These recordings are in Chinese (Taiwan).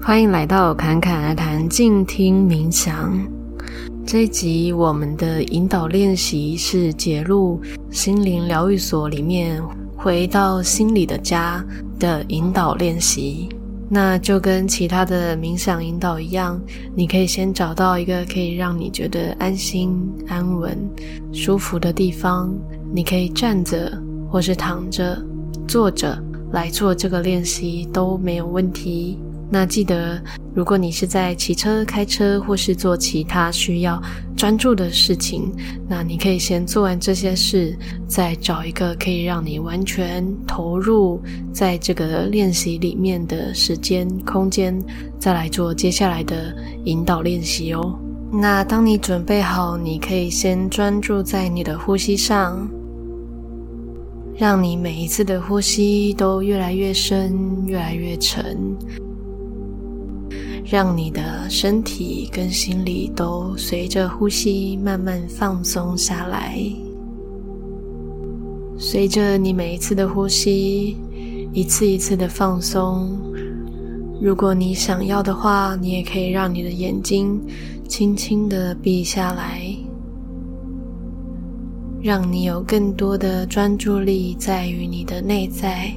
歡迎來到坎坎而談、靜聽冥想。這一集，我們的引導練習是捷露心靈療癒所裡面“回到心裡的家”的引導練習。那就跟其他的冥想引導一樣，你可以先找到一個可以讓你覺得安心、安穩、舒服的地方。你可以站着，或是躺着、坐着來做這個練習都沒有問題。那記得，如果你是在騎車、開車，或是做其他需要專注的事情，那你可以先做完這些事，再找一個可以讓你完全投入在這個練習裡面的時間、空間，再來做接下來的引導練習哦。那當你準備好，你可以先專注在你的呼吸上，讓你每一次的呼吸都越來越深、越來越沉。讓你的身體跟心理都隨着呼吸慢慢放鬆下來，隨着你每一次的呼吸，一次一次的放鬆。如果你想要的話，你也可以讓你的眼睛輕輕的閉下來，讓你有更多的專注力在於你的內在。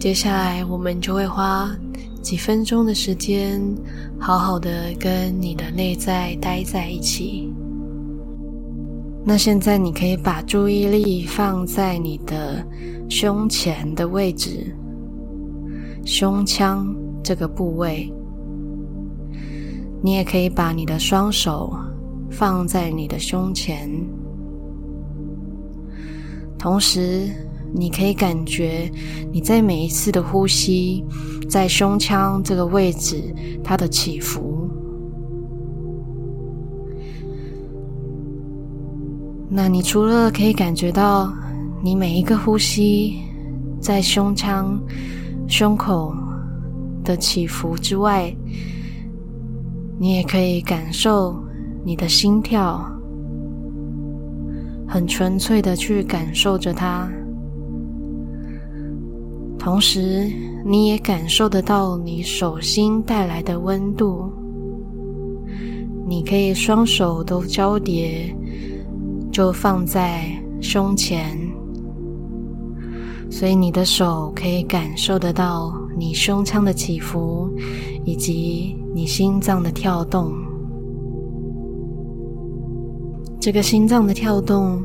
接下來，我們就會花幾分鐘的時間，好好的跟你的內在待在一起。那現在，你可以把注意力放在你的胸前的位置，胸腔這個部位。你也可以把你的雙手放在你的胸前，同時。你可以感覺你在每一次的呼吸，在胸腔這個位置它的起伏。那你除了可以感覺到你每一個呼吸，在胸腔、胸口的起伏之外，你也可以感受你的心跳，很純粹的去感受着它。同時，你也感受得到你手心帶來的溫度。你可以雙手都交疊，就放在胸前。所以你的手可以感受得到你胸腔的起伏，以及你心臟的跳動。這個心臟的跳動，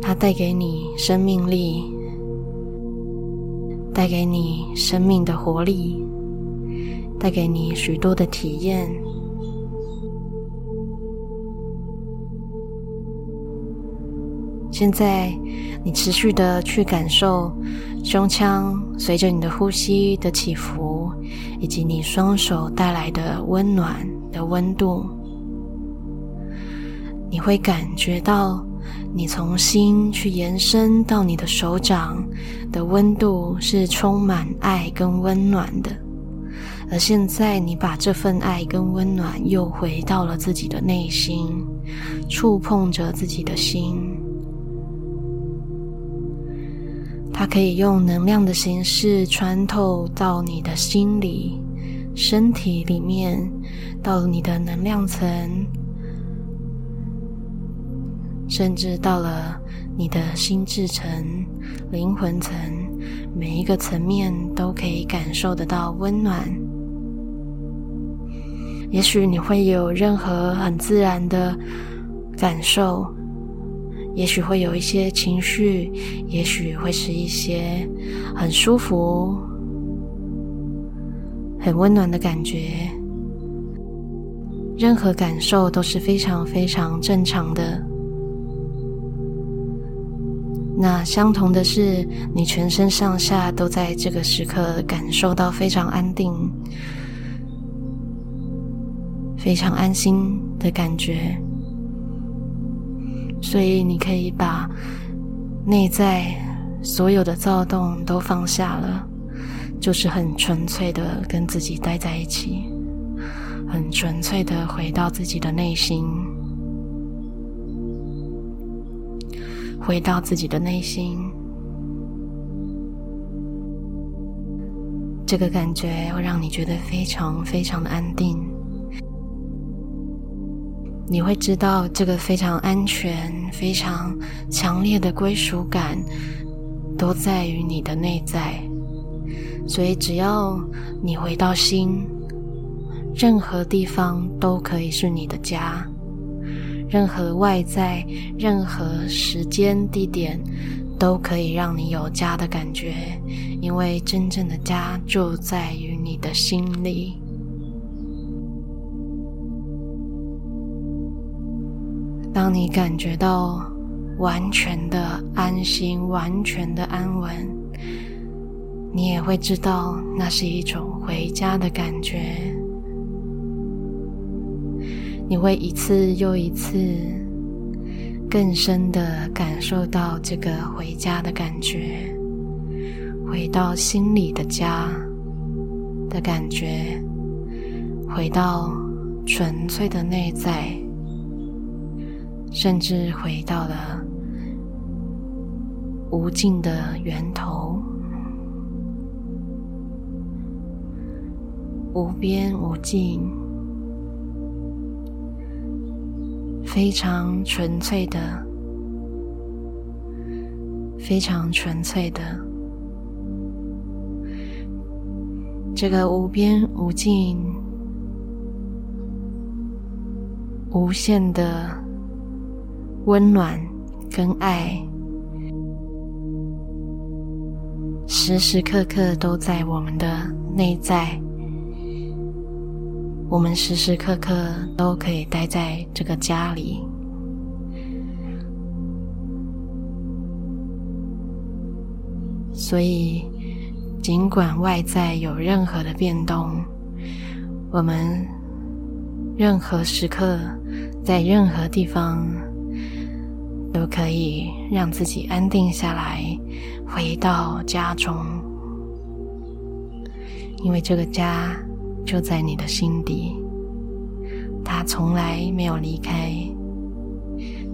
它帶給你生命力。帶給你生命的活力，帶給你許多的體驗。現在，你持續的去感受胸腔隨着你的呼吸的起伏，以及你雙手帶來的溫暖的溫度。你會感覺到。你從心去延伸到你的手掌的溫度是充滿愛跟溫暖的，而現在你把這份愛跟溫暖又回到了自己的內心，觸碰着自己的心，它可以用能量的形式穿透到你的心裡、身體裡面，到你的能量層。甚至到了你的心智層、靈魂層，每一個層面都可以感受得到溫暖。也許你會有任何很自然的感受，也許會有一些情緒，也許會是一些很舒服、很溫暖的感覺。任何感受都是非常非常正常的。那相同的是，你全身上下都在這個時刻感受到非常安定、非常安心的感覺，所以你可以把內在所有的躁動都放下了，就是很純粹的跟自己待在一起，很純粹的回到自己的內心。回到自己的內心，這個感覺會讓你覺得非常非常的安定。你會知道，這個非常安全、非常強烈的歸屬感，都在於你的內在。所以，只要你回到心，任何地方都可以是你的家。任何外在、任何時間、地點，都可以讓你有家的感覺，因為真正的家就在於你的心裡。當你感覺到完全的安心、完全的安穩，你也會知道那是一種回家的感覺。你會一次又一次更深地感受到這個回家的感覺，回到心裡的家的感覺，回到純粹的內在，甚至回到了無盡的源頭，無邊無盡。非常純粹的，非常純粹的，這個無邊無盡、無限的溫暖跟愛，時時刻刻都在我們的內在。我們時時刻刻都可以待在這個家裡，所以儘管外在有任何的變動，我們任何時刻在任何地方都可以讓自己安定下來，回到家中，因為這個家。就在你的心底，他從來沒有離開，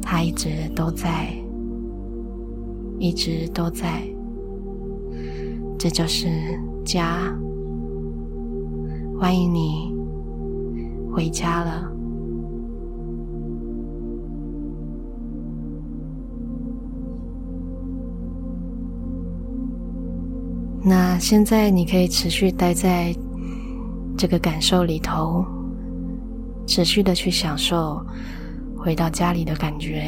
他一直都在，一直都在。這就是家，歡迎你回家了。那現在你可以持續待在。這個感受裡頭，持續的去享受回到家裡的感覺。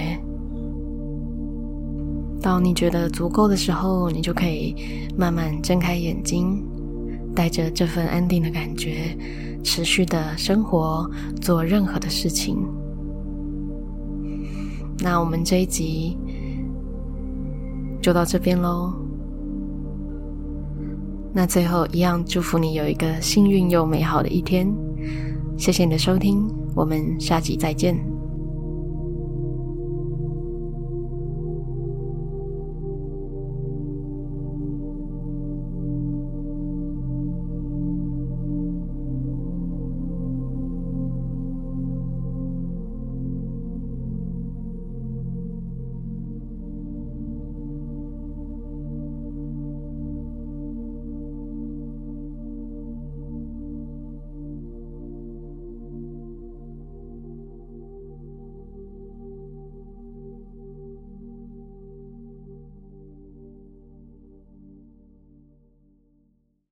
當你覺得足夠的時候，你就可以慢慢睜開眼睛，帶着這份安定的感覺，持續的生活，做任何的事情。那我們這一集就到這邊嘍。那最後一樣，祝福你有一個幸運又美好的一天。謝謝你的收聽，我們下集再見。